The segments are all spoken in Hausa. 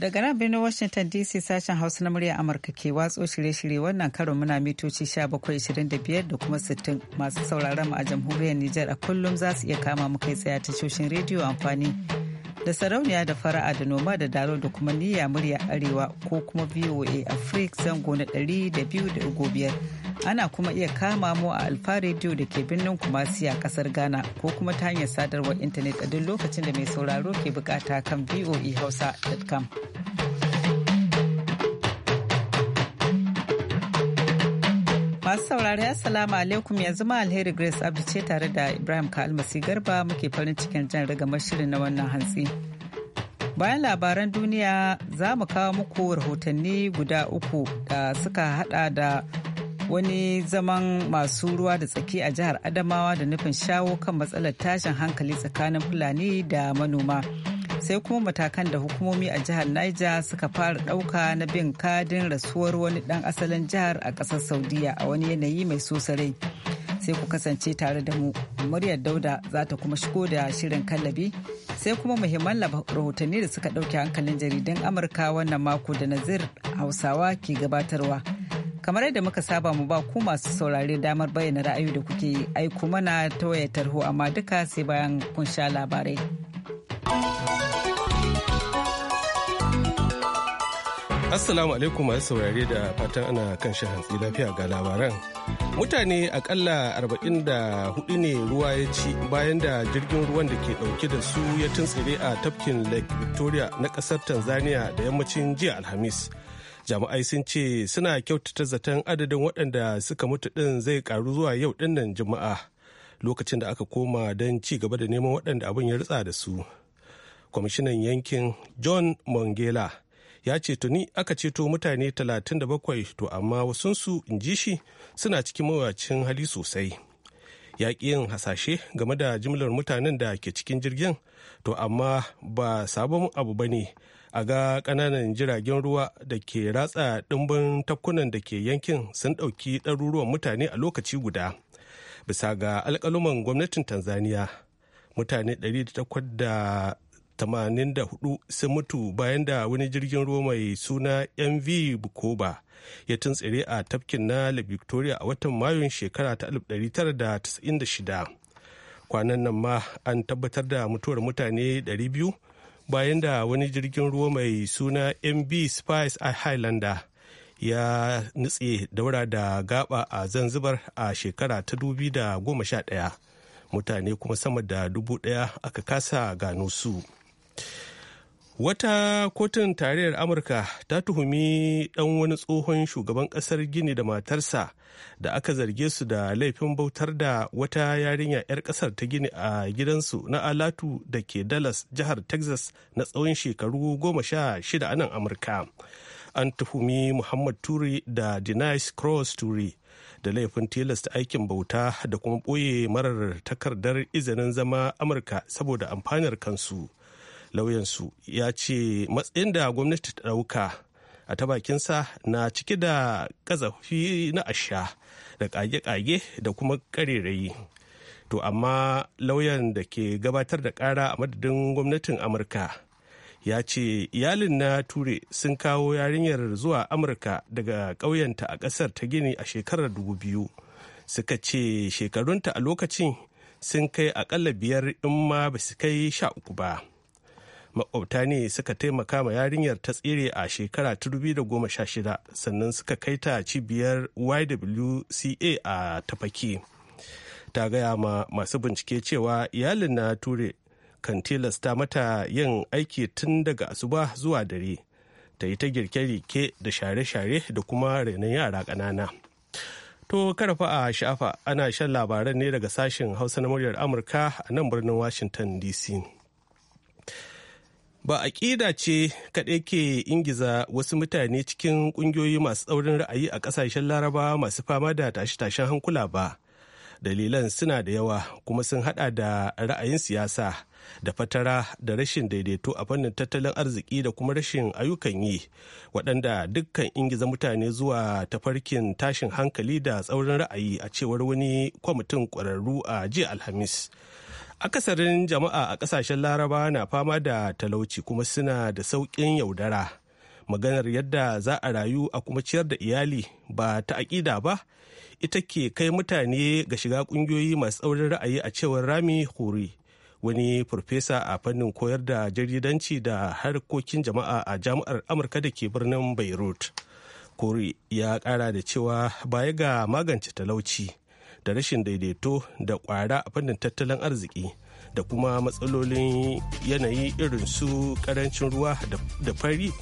Daga nan birnin Washington DC sashen Hausa na murya Amurka ke watso shirye-shirye wannan karon muna mitoci 1725 da kuma 60 masu sauraron mu a jamhuriyar Nijar a kullum za su iya kama mu kai tsaye tashoshin rediyo amfani da sarauniya da fara'a da noma da daro da kuma niyya murya arewa ko kuma VOA Africa zango na 200.5 ana kuma iya kama mu a alfa rediyo da ke birnin kumasi a kasar ghana ko kuma ta hanyar sadarwar intanet a duk lokacin da mai sauraro ke bukata kan voehausa.com masu saurari assalamu alaikum yanzu ma alheri grace abdu ce tare da ibrahim kalmasi garba muke farin cikin jan rigamar shirin na wannan hantsi bayan labaran duniya za mu kawo muku rahotanni guda uku da suka hada da wani zaman masu ruwa da tsaki a jihar adamawa da nufin shawo kan matsalar tashin hankali tsakanin fulani da manoma sai kuma matakan da hukumomi a jihar niger suka fara ɗauka na bin kadin rasuwar wani ɗan asalin jihar a ƙasar saudiya a wani yanayi mai sosarai sai ku kasance tare da mu muryar dauda za ta kuma shigo da shirin kallabi sai kuma muhimman rahotanni da suka ɗauke hankalin jaridan amurka wannan mako da nazir hausawa ke gabatarwa. kamar yadda muka saba mu ba ku masu saurare damar bayyana ra'ayi da kuke aiko mana ta wayar tarho amma duka sai bayan kun sha labarai. Assalamu alaikum masu saurare da fatan ana kan shi hantsi lafiya ga labaran. Mutane akalla arba'in da 44 ne ruwa ya ci bayan da jirgin ruwan da ke dauke da su ya tuntsire a tafkin Lake Victoria na kasar Tanzania da yammacin jiya Alhamis. jami'ai sun ce suna kyautata zaton adadin waɗanda suka mutu ɗin zai karu zuwa yau ɗinnan juma'a lokacin da aka koma don ci gaba da neman waɗanda abin ya ritsa da su kwamishinan yankin john mongela ya ce tuni aka ceto mutane 37 to amma wasunsu in ji shi suna cikin mawacin hali sosai ya yin hasashe game da jimlar mutanen da ke cikin jirgin to amma ba sabon abu ba ne a ga ƙananan jiragen ruwa da ke ratsa ɗimbin tafkunan da ke yankin sun ɗauki ɗaruruwan mutane a lokaci guda bisa ga alkaluman gwamnatin tanzania mutane 184 sun mutu bayan da wani jirgin ruwa mai suna mv bukoba ya tuntsire a tafkin na la victoria a watan mayun shekara ta 1996 kwanan nan ma an tabbatar da mutuwar mutane 200 bayan da wani jirgin ruwa mai suna mb spice a highlander ya nutse daura da gaba a zanzibar a shekara ta da 2011 mutane kuma sama da dubu daya aka kasa gano su. Wata kotun tarayyar Amurka ta tuhumi ɗan wani tsohon shugaban ƙasar Gini da matarsa da aka zarge su da laifin bautar da wata yarinya 'yar ƙasar ta Gini a gidansu na Alatu da ke Dallas, jihar Texas na tsawon shekaru goma sha shida a Amurka. An tuhumi Muhammad Turi da Denise Cross Turi da laifin tilasta aikin bauta da kuma ɓoye marar takardar izinin zama Amurka saboda amfanar kansu. lauyansu ya ce matsayin da gwamnati ta ɗauka a ta bakinsa na cike da ƙazafi na asha da ƙage-ƙage da kuma ƙarerayi to amma lauyan da ke gabatar da ƙara a madadin gwamnatin amurka ya ce iyalin na ture sun kawo yarinyar zuwa amurka daga ƙauyenta a ƙasar ta gini a shekarar 2000 suka ce shekarunta a lokacin sun kai akalla biyar in ma ba su kai sha uku ba makwabta ne suka taimaka ma yarinyar ta tsire a shekara ta shida, sannan suka kai ta cibiyar ywca a tafaki ta gaya ma masu bincike cewa iyalin na ture kan tilasta mata yin aiki tun daga asuba zuwa dare ta yi ta girke-girke da share-share da kuma renon yara ƙanana. To karfa a shafa ana shan labaran ne daga sashen hausa na muryar Amurka a nan birnin Washington DC. ba aƙida ce kaɗai ke ingiza wasu mutane cikin ƙungiyoyi masu tsaurin ra'ayi a ƙasashen laraba masu fama da tashe-tashen hankula ba dalilan suna da yawa kuma sun haɗa da ra'ayin siyasa da fatara da rashin daidaito a fannin tattalin arziki da kuma rashin ayyukan yi waɗanda dukkan ingiza mutane zuwa tafarkin tashin hankali da tsaurin ra'ayi a cewar wani kwamitin ƙwararru a jiya alhamis akasarin jama'a a kasashen laraba na fama da talauci kuma suna da sauƙin yaudara maganar yadda za a rayu a kuma ciyar da iyali ba ta aƙida ba ita ke kai mutane ga shiga ƙungiyoyi masu tsaurin ra'ayi a cewar rami huri wani farfesa a fannin koyar da jaridanci da harkokin jama'a a jami'ar amurka da ke birnin beirut kori ya kara da cewa baya ga magance talauci da rashin daidaito da kwara a fannin tattalin arziki da kuma matsalolin yanayi irin su karancin ruwa da fari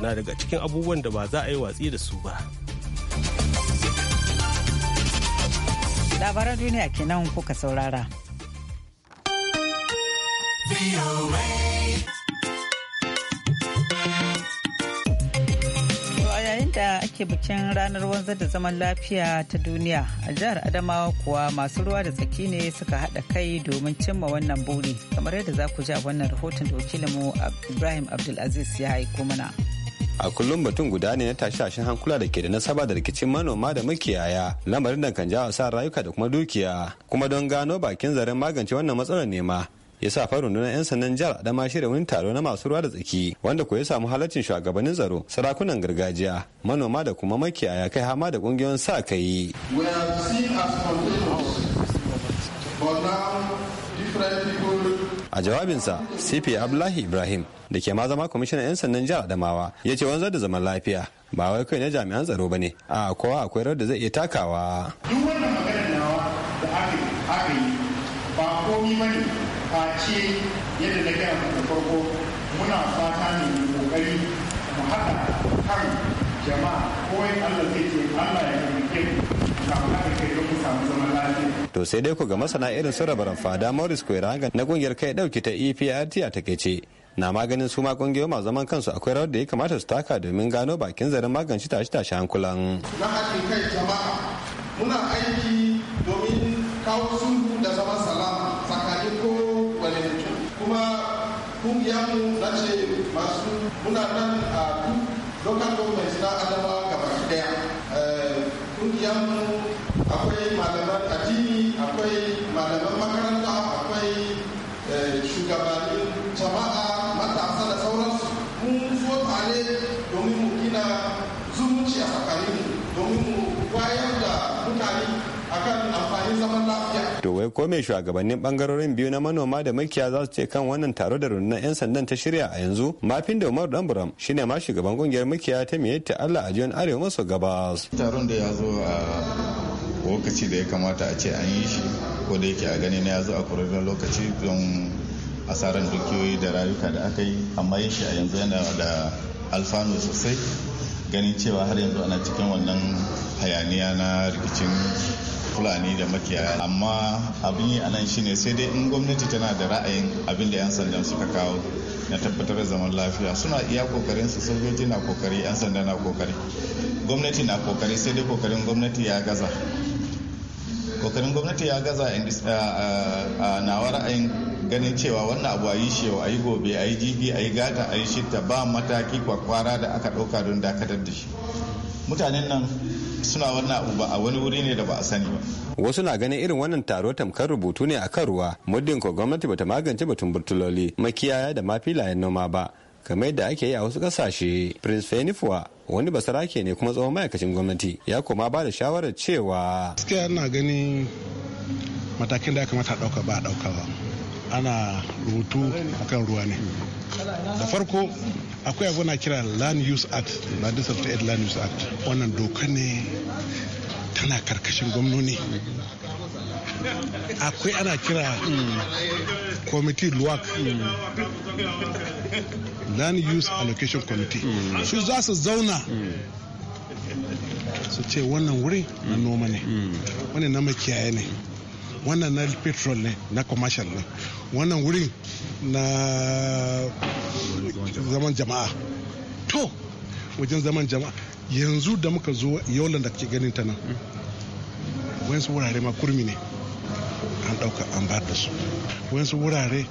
na daga cikin abubuwan da ba za a yi watsi da su ba. labaran duniya kenan kuka saurara. yadda ake bikin ranar wanzar da zaman lafiya ta duniya a jihar adamawa kuwa masu ruwa da tsaki ne suka hada kai domin cimma wannan buri kamar yadda za ku ji a wannan rahoton da wakilinmu ibrahim abdulaziz ya haiko mana a kullum batun guda ne na tashe-tashen hankula da ke da nasaba da rikicin manoma da makiyaya lamarin da kan jawo sa rayuka da kuma dukiya kuma don gano bakin zaren magance wannan matsalar nema ya sa fa rundunar 'yan sandan jihar adama shirya wani taro na masu ruwa da tsaki wanda ko ya samu halarcin shugabannin tsaro sarakunan gargajiya manoma da kuma makiyaya kai hama da kungiyoyin sa kai a jawabinsa cp abdullahi ibrahim da ke ma zama kwamishinan 'yan sandan jihar adamawa ya ce wanzar da zaman lafiya ba wai kai na jami'an tsaro ba ne a kowa akwai rar da zai iya takawa duk wannan maganar nawa da aka yi ba komi ba ne ce yadda na gaya da farko muna fata ne mai kokari mu haɗa kan jama'a kowai Allah zai ce Allah ya yi mu mu To sai dai ku ga masana irin su rabaran fada Morris Koiranga na kungiyar kai ɗauki ta EPRT a take ce. na maganin su ma kungiyoyin masu zaman kansu akwai rawar da ya kamata su taka domin gano bakin zarin magance tashi tashi hankulan. Na haɗin kai jama'a muna aiki domin kawo su ko mai shugabannin bangarorin biyu na manoma da makiya za su ce kan wannan taro da rundunar 'yan sandan ta shirya a yanzu mafin da umar danburam shine ma shugaban kungiyar makiya ta miyatta allah a jiyon arewa maso gabas taron da ya zo a lokaci da ya kamata a ce an yi shi ko da yake a gani na ya zo a kurarren lokaci don asarar dukiyoyi da rayuka da aka yi amma yin shi a yanzu yana da alfanu sosai ganin cewa har yanzu ana cikin wannan hayaniya na rikicin fulani da makiyaya amma abin yi a nan shine sai dai in gwamnati tana da ra'ayin abin da 'yan sandan suka kawo na tabbatar da zaman lafiya suna iya kokarin su sojoji na kokari 'yan sanda na kokari gwamnati na kokari sai dai kokarin gwamnati ya gaza kokarin gwamnati ya gaza a nawa ra'ayin ganin cewa wannan abu a yi shi yau a yi gobe a yi jibi a yi gata a yi shitta ba mataki kwakwara da aka dauka don dakatar da shi mutanen nan suna wannan abu ba a wani wuri ne da ba a sani ba wasu na ganin irin wannan taro tamkar rubutu ne a kan ruwa muddin ko gwamnati bata magance batun burtuloli makiyaya da ma filayen noma ba kamar yadda ake yi a wasu kasashe prince fenifuwa wani basarake ne kuma tsohon ma'aikacin gwamnati ya koma ba da shawarar cewa gaskiya ina ganin matakin da ya kamata a ɗauka ba a ɗauka ba ana rubutu akan ruwa ne da farko akwai abu na kira land use act na 1978 land use act wannan doka ne tana karkashin gwamnoni akwai ana kira mm, committee luwak mm. land use allocation committee mm. su za su zauna su ce wannan wuri na noma ne wani na makiyaye ne wannan na petrol ne na commercial ne wannan wurin na zaman jama'a to wajen zaman jama'a yanzu da muka zo yaulan da kake ganin ta nan wayansu wurare ma kurmi ne an ɗauka an ba da su wayansu wurare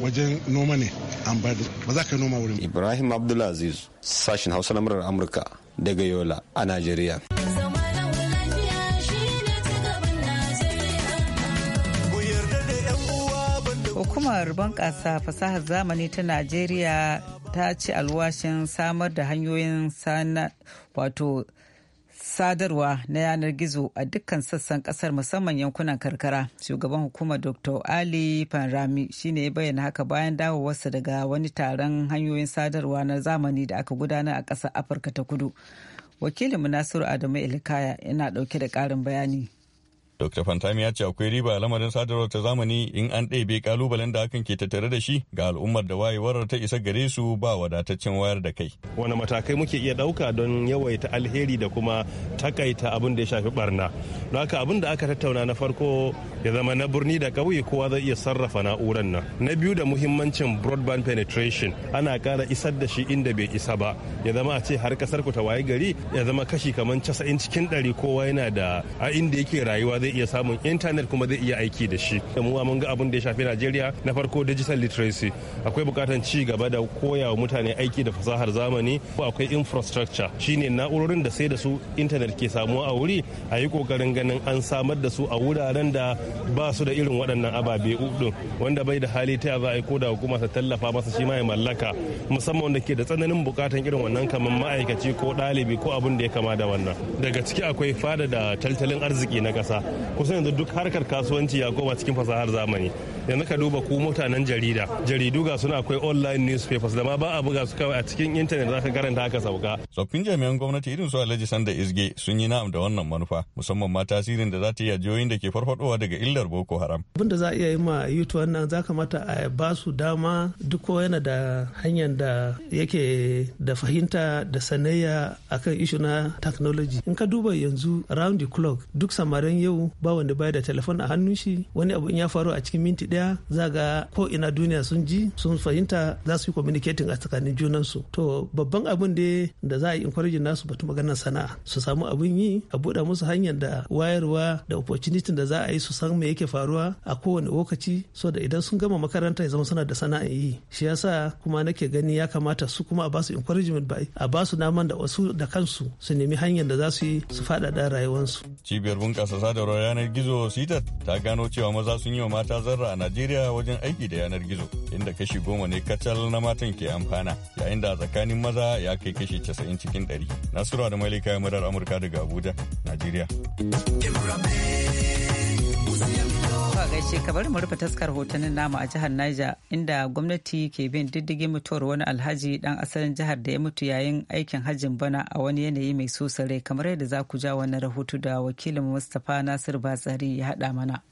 wajen noma ne an ba da ba za ka yi noma wurin ibrahim abdulaziz sashin hausa na murar amurka daga yola a najeriya Hukumar bunƙasa fasahar zamani ta Najeriya ta ci alwashin samar da hanyoyin wato sadarwa na yanar gizo a dukkan sassan kasar musamman yankunan karkara shugaban hukumar dr ali panrami shine ya bayyana haka bayan dawowarsa daga wani taron hanyoyin sadarwa na zamani da aka gudanar a ƙasar afirka ta kudu wakilinmu nasiru adamu ilikaya yana ɗauke da ƙarin bayani Dr. Fantami ya ce akwai riba lamarin sadarwar ta zamani in an ɗebe kalubalen da hakan ke tattare da shi ga al'ummar da wayewar ta isa gare su ba wadataccen wayar da kai. Wani matakai muke iya ɗauka don yawaita alheri da kuma takaita abin da ya shafi barna. Don haka abin da aka tattauna na farko ya zama na birni da ƙauye kowa zai iya sarrafa na'urar nan. Na biyu da muhimmancin broadband penetration ana ƙara isar da shi inda bai isa ba. Ya zama a ce har kasar ku ta waye gari ya zama kashi kamar casa'in cikin ɗari kowa yana da a inda yake rayuwa zai zai iya samun intanet kuma zai iya aiki da shi mu mun ga abin da ya shafi najeriya na farko digital literacy akwai bukatan ci gaba da koya wa mutane aiki da fasahar zamani ko akwai infrastructure shine na'urorin da sai da su intanet ke samuwa a wuri a yi kokarin ganin an samar da su a wuraren da ba su da irin waɗannan ababe uku wanda bai da hali ta za a yi ko da hukuma ta tallafa masa shi ma ya mallaka musamman wanda ke da tsananin bukatan irin wannan kamar ma'aikaci ko ɗalibi ko abin da ya kama da wannan daga ciki akwai fada da tattalin arziki na ƙasa kusan yanzu duk harkar kasuwanci ya koma cikin fasahar zamani yanzu ka duba ku mutanen jarida jaridu ga suna akwai online newspapers da ma ba a buga su kawai a cikin intanet za ka karanta haka sauka tsoffin jami'an gwamnati irin su alhaji sanda izge sun yi na'am da wannan manufa musamman ma tasirin da za ta yi a jihohin da ke farfadowa daga illar boko haram abinda za a iya yi ma yutu wannan za kamata a ba su dama duk ko yana da hanyar da yake da fahimta da sanayya akan ishu na technology in ka duba yanzu round the clock duk samarin yau ba wanda baya da telefon a hannun shi wani abu in ya faru a cikin minti daya. daya ga ko ina duniya sun ji sun fahimta za su yi communicating a tsakanin junansu to babban abin da da za a yi encouraging nasu batu maganar sana'a su samu abin yi a buɗe musu hanyar da wayarwa da opportunity da za a yi su san me yake faruwa a kowane lokaci so da idan sun gama makaranta ya zama suna da sana'a yi shi yasa kuma nake gani ya kamata su kuma a basu encouragement ba a basu naman da wasu da kansu su nemi hanyar da za su yi su faɗaɗa rayuwarsu cibiyar bunƙasa sadarwar yanar gizo sitat ta gano cewa maza sun yi wa mata zarra a Najeriya wajen aiki da yanar gizo inda kashi goma ne kacal na matan ke amfana yayin da tsakanin maza ya kai kashi casa'in cikin ɗari. Nasura da Malika ya murar Amurka daga Abuja, Najeriya. gaishe ka bari mu rufe taskar hotunan namu a jihar Niger inda gwamnati ke bin diddigin mutuwar wani alhaji dan asalin jihar da ya mutu yayin aikin hajjin bana a wani yanayi mai sosa kamar yadda za ku ja wannan rahoto da wakilin Mustapha Nasir Batsari ya haɗa mana.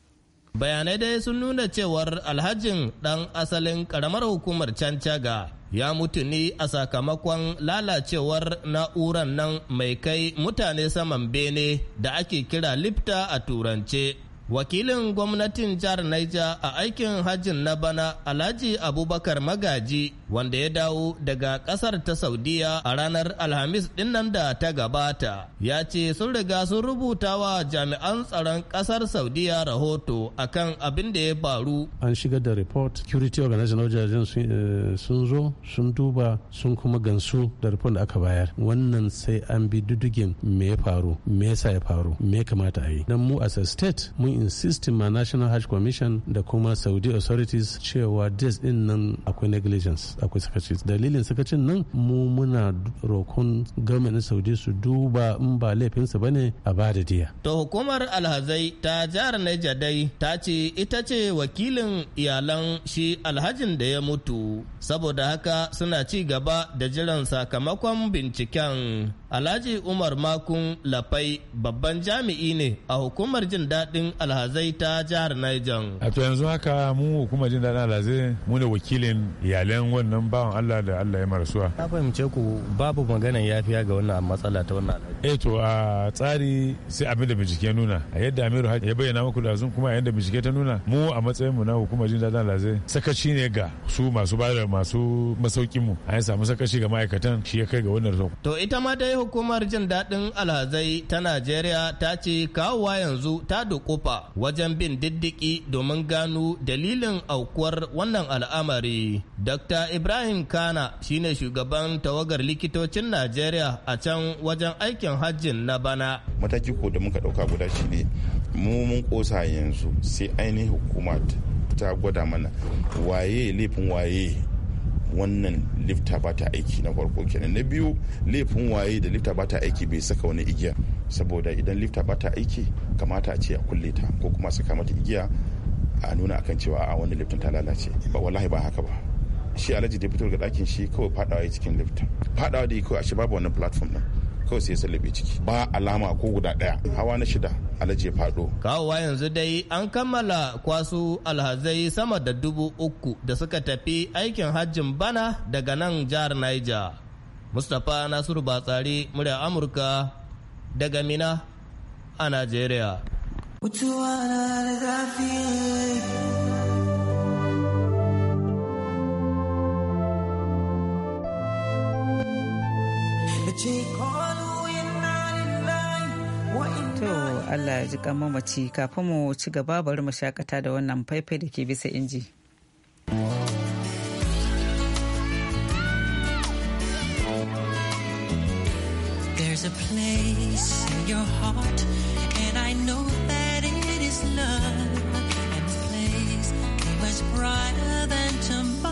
bayanai dai sun nuna cewar alhajin ɗan asalin ƙaramar hukumar cancaga ya mutu ne a sakamakon lalacewar na'urar nan mai kai mutane saman bene da ake kira lifta a turance Wakilin gwamnatin jihar Naija a aikin hajjin na bana Alhaji Abubakar Magaji wanda ya dawo daga kasar ta Saudiya a ranar Alhamis dinnan da ta gabata ya ce sun riga sun rubuta wa jami'an tsaron kasar Saudiya rahoto akan abin da ya faru. An shiga da report security organization wajajen eh, sun zo sun duba sun kuma gansu da report da aka bayar wannan sai an bi diddigin me ya faru me yasa ya faru me kamata a yi mu as a state mun insisting ma national hajj commission da kuma saudi authorities cewa des din nan akwai negligence akwai sakaci dalilin sakacin nan mu muna rokon gwamnatin saudi su duba in ba laifinsa bane a ba da diya to hukumar alhazai ta jihar Niger dai ta ce ita ce wakilin iyalan shi alhajin da ya mutu saboda haka suna ci gaba da jiran sakamakon binciken Alhaji Umar Makun Lafai babban jami'i ne a hukumar jin daɗin alhazai ta jihar Niger. A to yanzu haka mu hukumar jin daɗin alhazai mu ne wakilin iyalen wannan bawan Allah da Allah ya marasuwa. Na fahimce ku babu maganan yafiya ga wannan matsala ta wannan alhazai Eh to a tsari sai abin da bincike nuna a yadda Amiru ya bayyana muku da kuma a yadda bincike ta nuna mu a matsayin mu na hukumar jin daɗin alhazai sakaci ne ga su masu bada masu masaukin mu an samu sakaci ga ma'aikatan shi ya kai ga wannan To ita ma dai hukumar jin daɗin alhazai ta Najeriya ta ce kawowa yanzu ta dokofa wajen bin diddiki domin gano dalilin aukuwar wannan al'amari. Dr. Ibrahim Kana shine shugaban tawagar likitocin Najeriya a can wajen aikin hajjin na bana. Mataki ko da muka ɗauka guda shi ne, mu mun ƙosa yanzu sai ainihin hukuma ta gwada mana waye laifin waye wannan lifta ba ta aiki na farko kenan na biyu laifin waye da lifta ba ta aiki bai saka wani igiya saboda idan lifta ba ta aiki kamata a ce a kulle ta ko kuma saka mata igiya a nuna akan cewa a wannan liftin ta lalace ba wallahi ba haka ba shi alhaji da fito daga ɗakin shi kawai fadawa cikin lifta fadawa da kawai a shi babu wannan platform din kawai sai salube ciki ba alama ko guda daya hawa na shida alaje fado kawowa yanzu dai an kammala kwasu alhazai sama da dubu uku da suka tafi aikin hajjin bana daga nan jihar niger mustapha nasiru batsari murya amurka daga mina a nigeria take To Allah ya ji mamaci kafin mu ci gaba bari mu shakata da wannan faifai da ke bisa inji. There's a place in your heart and I know that it is love and the place much brighter than tomorrow.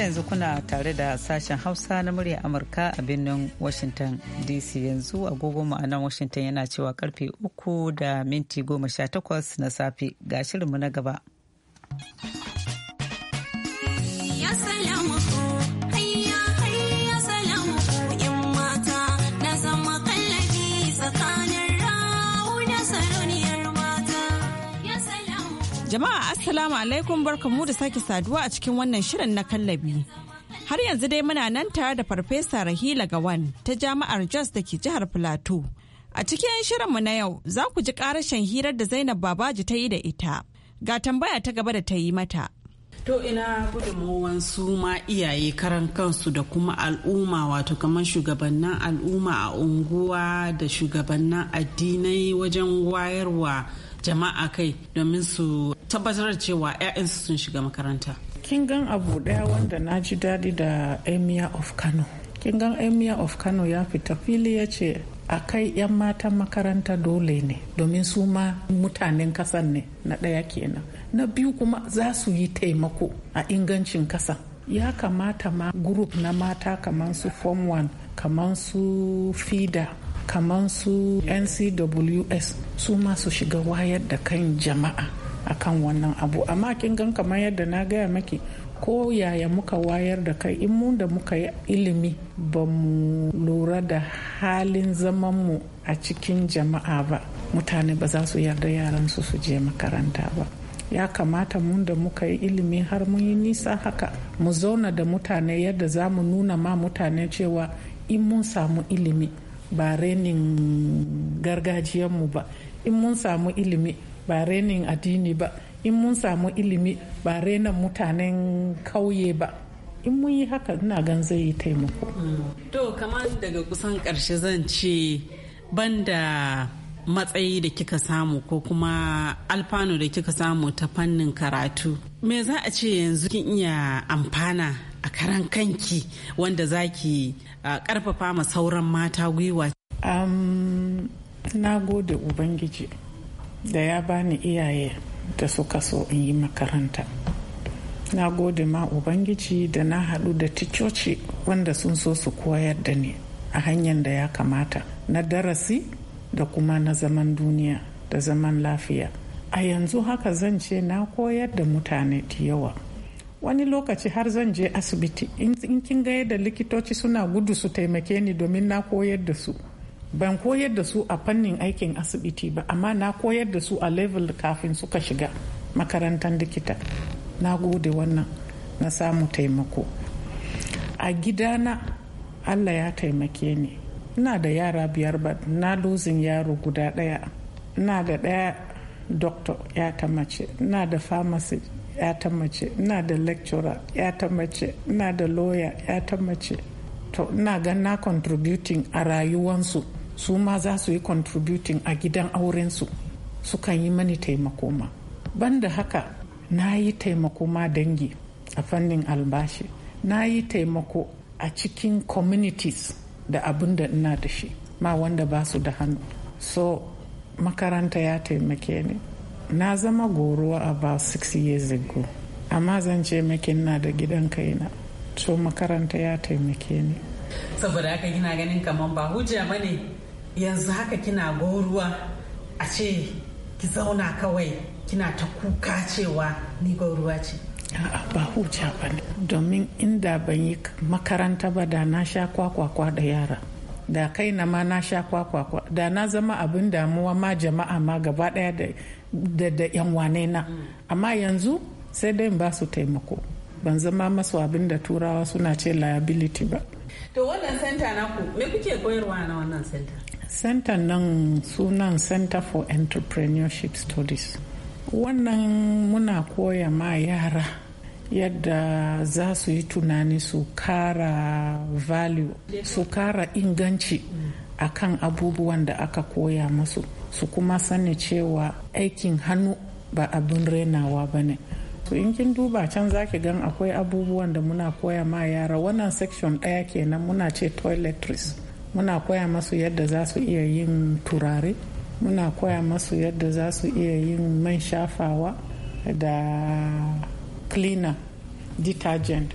har yanzu kuna tare da sashen hausa na murya amurka a birnin washington dc yanzu agogo a nan washington yana cewa karfe uku da minti goma sha takwas na safe ga shirinmu na gaba Jama'a Assalamu alaikum barkamu da sake saduwa a cikin wannan shirin na kallabi. Har yanzu dai muna nan tare da Farfesa Rahila Gawan ta Jami'ar Jos da ke jihar Filato. A cikin shirinmu na yau za ku ji ƙarashin hirar da Zainab Babaji ta yi da ita. Ga tambaya ta gaba da ta yi mata. To ina gudunmawan su ma iyaye karan kansu da kuma al'umma wato kamar shugabannin al'umma a unguwa da shugabannin addinai wajen wayarwa jama'a kai domin su tabbatar da cewa 'ya'yansu sun shiga makaranta kin gan abu daya wanda na ji daɗi da emir of kano kin gan emir of kano ya fita fili ya ce a kai 'yan matan makaranta dole ne domin su ma mutanen kasan ne na ɗaya kenan na biyu kuma za su yi taimako a ingancin kasa ya kamata ma group na mata kamar su form 1 kamar su fida kamar su ncws su ma su shiga wayar da kan jama'a akan wannan abu amma kin gan kamar yadda na gaya maki ko yaya muka wayar da kai in mun da muka yi ilimi ba mu lura da halin zamanmu a cikin jama'a ba mutane ba za su yarda yaransu su je makaranta ba ya kamata mun da muka yi ilimi har mun yi nisa haka mu zauna da mutane yadda za mu nuna ma mutane cewa in mun samu ilimi ba renin gargajiyanmu ba in mun samu ilimi ba renin addini ba in mun samu ilimi ba renin mutanen kauye ba in mun yi haka ina gan zai yi taimako to kamar daga kusan karshe zan ce banda matsayi da kika samu ko kuma alfano da kika samu ta fannin karatu me za a ce yanzu kin iya amfana a karan kanki wanda za ki karfafa ma sauran mata gwiwa? Um, na gode ubangiji da ya bani iyaye da suka so in yi makaranta na gode ma ubangiji da na haɗu da ticoci wanda sun so su koyar da ni a hanyar da ya kamata na darasi da kuma na zaman duniya da zaman lafiya a yanzu haka zan ce na koyar da mutane da yawa wani lokaci har zan je asibiti in kin ga yadda likitoci suna gudu su taimake ni domin na koyar da su ban koyar da su a fannin aikin asibiti ba amma na koyar da su a level kafin suka shiga makarantar likita na gode wannan na samu taimako a gidana allah ya taimake ni ina da yara biyar ba na dozin yaro guda daya ina da daya doctor ya ta mace ina da pharmacist ya ta mace ina da lecturer ya ta mace ina da lawyer ya ta mace to ina ga na contributing a rayuwansu su ma za su yi contributing a gidan aurensu kan yi mani taimako ma banda haka na yi taimako ma dangi a fannin albashi na yi taimako a cikin communities da abin da ina da shi ma wanda ba su da hannu so makaranta ya taimake ni na zama goruwa about six years ago amma zan ce maki na da gidan kaina so makaranta ya taimake ni saboda haka kina ganin kamar ba hujja ba yanzu haka kina goruwa a ce ki zauna kawai kina ta kuka cewa ni goruwa ce a'a ba hujja ba ne domin inda ban yi makaranta ba da na sha kwakwakwa da yara da kai na ma na sha kwakwakwa da na zama abin damuwa ma jama'a ma gaba daya da da yan wane na amma yanzu sai dai ba su taimako ban zama masu abin da turawa suna ce liability ba to wannan senta ku me kuke koyarwa na wannan senta senta nan sunan center for entrepreneurship studies wannan muna koya ma yara yadda za su yi tunani su kara value su kara inganci akan abubuwan da aka koya musu su kuma sani cewa aikin hannu ba abin renawa ba ne to in kin duba can zaki gan akwai abubuwan da muna koya ma yara wannan section ɗaya kenan muna ce toiletries muna koya masu yadda za su iya yin turare muna koya masu yadda za su iya yin man shafawa da cleaner detergent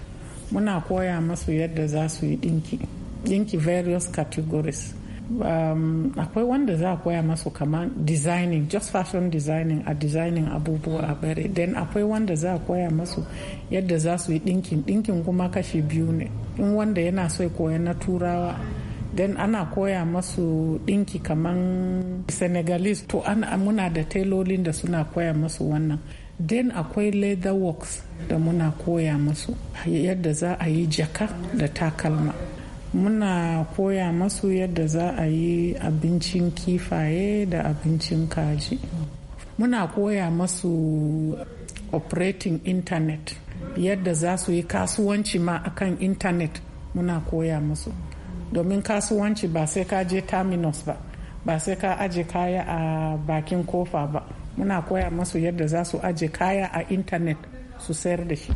muna koya masu yadda za su yi dinki dinki various categories Um, akwai wanda za a koya masu kamar designing just fashion designing a designing abubuwa a bare then akwai wanda za a koya masu yadda za su yi dinkin dinkin kuma kashi biyu ne in wanda yana so ya koya na turawa then ana koya masu dinki kamar senegalese to ana muna da tailolin da suna koya masu wannan den akwai leather works da muna koya masu yadda za a yi jaka da takalma muna koya masu yadda za a yi abincin kifaye da abincin kaji muna koya masu operating internet yadda za su yi kasuwanci ma akan internet muna koya masu domin kasuwanci ba sai ka je terminus ba ba sai ka aje kaya a bakin kofa ba muna koya masu yadda za su aje kaya a internet su sayar da shi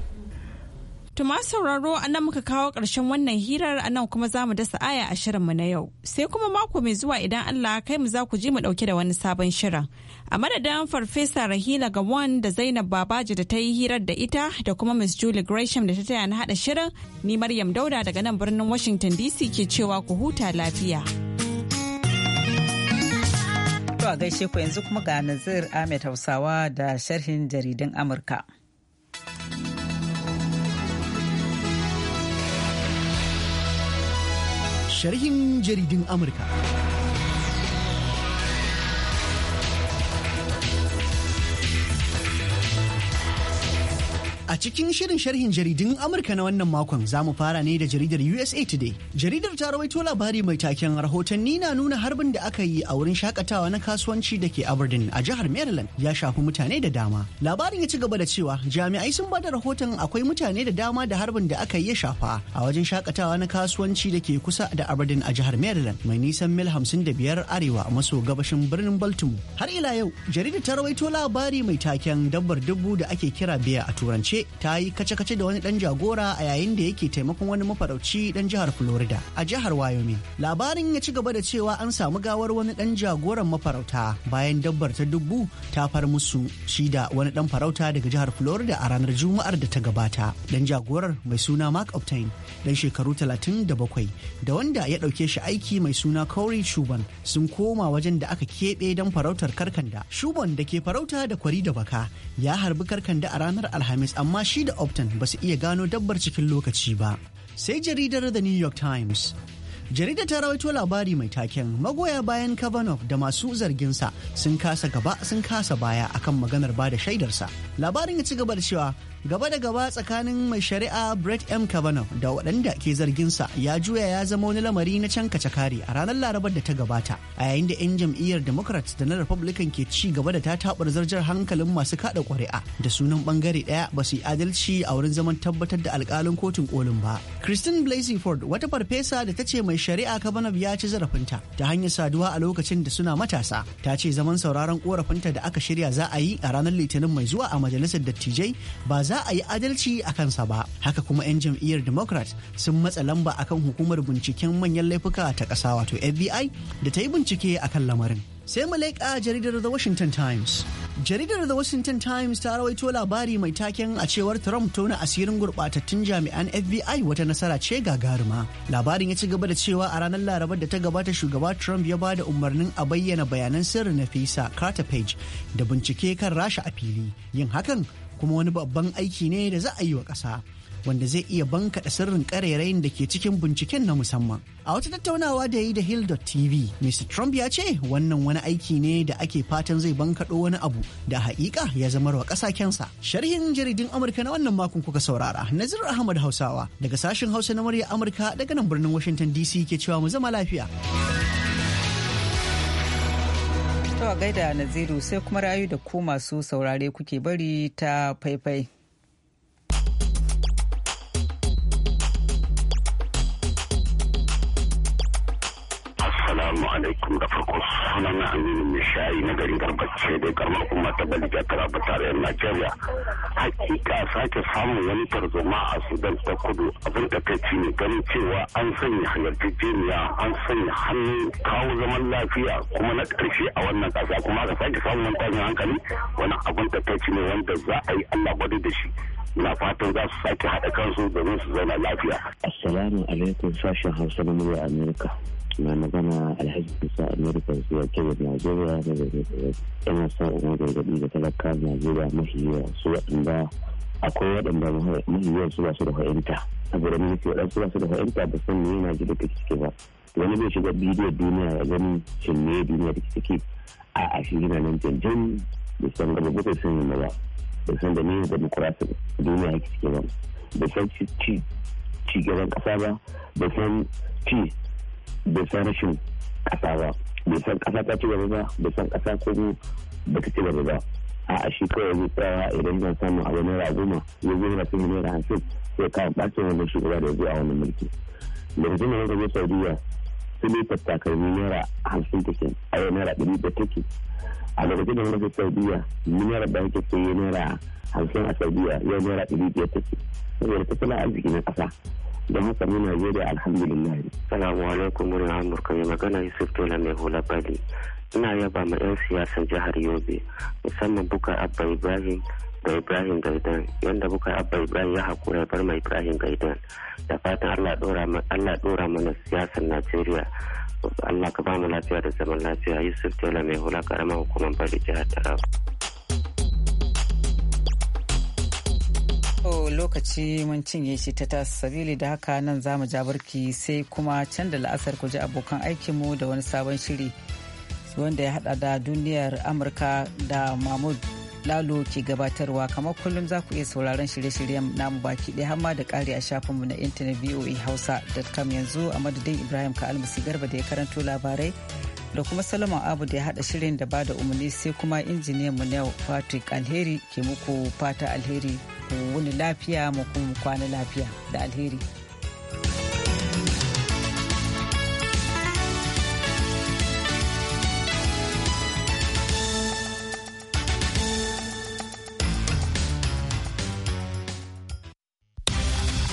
Tuma sauraro a nan muka kawo ƙarshen wannan hirar a nan kuma za mu dasa aya a shirinmu na yau. Sai kuma mako mai zuwa idan Allah kai mu za ku ji mu ɗauke da wani sabon shirin. A madadin Farfesa Rahila Gawon da Zainab Babaji da ta yi hirar da ita da kuma Miss Julie Gresham da ta taya na haɗa shirin, ni Maryam Dauda daga nan birnin Washington DC ke cewa ku huta lafiya. To gaishe ku yanzu kuma ga Nazir Ahmed Hausawa da sharhin jaridan Amurka. sharhin jaridin Amurka. cikin shirin sharhin jaridun Amurka na wannan makon za mu fara ne da jaridar USA Today. Jaridar ta rawaito labari mai taken rahotanni na nuna harbin da aka yi a wurin shakatawa na kasuwanci da ke Aberdeen a jihar Maryland ya shafi mutane da dama. Labarin ya ci gaba da cewa jami'ai sun bada rahoton akwai mutane da dama da harbin da aka yi ya shafa a wajen shakatawa na kasuwanci da ke kusa da Aberdeen a jihar Maryland mai nisan mil 55 arewa maso gabashin birnin Baltimore. Har ila yau jaridar ta rawaito labari mai taken dabbar dubu da ake kira biya a turance ta yi kace-kace da wani dan jagora a yayin da yake taimakon wani mafarauci dan jihar Florida a jihar Wyoming. Labarin ya ci gaba da cewa an samu gawar wani dan jagoran mafarauta bayan dabbar ta dubu ta far musu shi da wani dan farauta daga jihar Florida a ranar Juma'ar da ta gabata. Dan jagorar mai suna Mark Optain dan shekaru 37 da wanda ya dauke shi aiki mai suna Corey Shuban sun koma wajen da aka keɓe dan farautar karkanda. Shuban da ke farauta da kwari da baka ya harbi karkanda a ranar Alhamis amma amma shi da Upton ba su iya gano dabbar cikin lokaci ba. Sai jaridar The New York Times. Jaridar ta rawaito labari mai taken magoya bayan Kavanaugh da masu zarginsa sun kasa gaba sun kasa baya akan maganar ba da shaidarsa. Labarin ya ci gaba da cewa gaba da gaba tsakanin mai shari'a brett m kavanaugh da waɗanda ke zarginsa ya juya ya zama wani lamari na can kace a ranar larabar da ta gabata a yayin da 'yan jam'iyyar democrats da na republican ke ci gaba da ta tabar zarjar hankalin masu kada ƙuri'a da sunan bangare ɗaya ba su yi adalci a wurin zaman tabbatar da alƙalin kotun kolin ba christine blasey ford wata farfesa da ta ce mai shari'a kavanaugh ya ci zarafinta ta hanyar saduwa a lokacin da suna matasa ta ce zaman sauraron korafinta da aka shirya za a yi a ranar litinin mai zuwa a majalisar dattijai ba za a yi adalci a kansa ba haka kuma 'yan jam'iyyar democrat sun matsa lamba akan hukumar binciken manyan laifuka ta ƙasa wato fbi da ta yi bincike akan lamarin sai mu jaridar the washington times jaridar the washington times ta rawaito labari mai taken a cewar trump tona asirin gurbatattun jami'an fbi wata nasara ce gagaruma labarin ya ci gaba da cewa a ranar larabar da ta gabata shugaba trump ya ba da umarnin a bayyana bayanan sirri na fisa carter page da bincike kan rasha a fili yin hakan kuma wani babban aiki ne da za a yi wa ƙasa wanda zai iya bankaɗa sirrin ƙarerayin da ke cikin binciken na musamman. A wata tattaunawa da ya yi da Hill.tv, Mr. Trump ya ce wannan wani aiki ne da ake fatan zai bankaɗo wani abu da haƙiƙa ya zamar wa ƙasa kensa. Sharhin jaridin Amurka na wannan makon kuka saurara, Nazir Ahmad Hausawa daga sashen Hausa na murya Amurka daga nan birnin Washington DC ke cewa mu zama lafiya. To gaida Naziru sai kuma rayu da ku masu saurare kuke bari ta faifai. sunana aminu mai shayi na garin garbace da karamar kuma ta balija tare tarayyar najeriya hakika sake samun wani tarzoma a sudan ta kudu abin da ci ne ganin cewa an sanya yarjejeniya an sanya hannu kawo zaman lafiya kuma na karshe a wannan kasa kuma ka sake samun wani tashin hankali wani abin da ci ne wanda za a yi allah gwada da shi na fatan za su sake haɗa kansu domin su zauna lafiya. Assalamu alaikum sashen Hausa na murya Amerika. mai magana alhaji bisa america zuwa suwa nigeria da yana sa umar gargaɗi da talaka najeriya mafi yawa su waɗanda akwai waɗanda mafi yawa su ba su da fahimta saboda mun yake waɗansu ba su da fahimta ba san ne yana gida kake ciki ba wani zai shiga bidiyon duniya ya gani shin ne duniya da kake a a shi yana nan janjan da san gaba ba san yi ba da san da ne da mukurasa duniya kake ciki ba da san ci gaban ƙasa ba da san ci bai san rashin kasa ba bai san ƙasa ta ci gaba ba bai san ƙasa ko ba ta ci gaba ba a'a shi kawai zai tsaya idan zan samu abu naira goma ya zo yana sun naira hamsin ya kawo ɓacin shi shugaba da zuwa wani mulki lokacin da ya zo saudiya sun yi tattakarmi naira hamsin take a yau naira ɗari da take a lokacin da wani saudiya naira da yake sai naira hamsin a saudiya yau naira ɗari biyar take saboda na arziki na ƙasa don haka mu najeriya alhamdulillah salamu alaikum murin amurka mai magana yusuf tola mai hula bali ina yaba ma 'yan siyasar jihar yobe musamman Bukar abba ibrahim da ibrahim gaidan yadda Bukar abba ibrahim ya haƙura bar mai ibrahim gaidan da fatan allah ɗora mana siyasar najeriya allah ka ba mu lafiya da zaman lafiya yusuf tola mai hula karamar hukumar bari jihar taraba lokaci mun cinye shi ta tas sabili da haka nan za mu ja barki sai kuma can da la'asar ku ji abokan aikinmu da wani sabon shiri wanda ya hada da duniyar amurka da mahmud lalo ke gabatarwa kamar kullum za ku iya sauraron shirye-shiryen namu baki ɗaya hamma da ƙari a shafinmu na intanet voa hausa.com yanzu a madadin ibrahim ka almasi garba da ya karanto labarai da kuma salomon abu da ya hada shirin da ba da umarni sai kuma injiniyan mu na patrick alheri ke muku fata alheri ku wuni lafiya mu kuma kwana lafiya da alheri.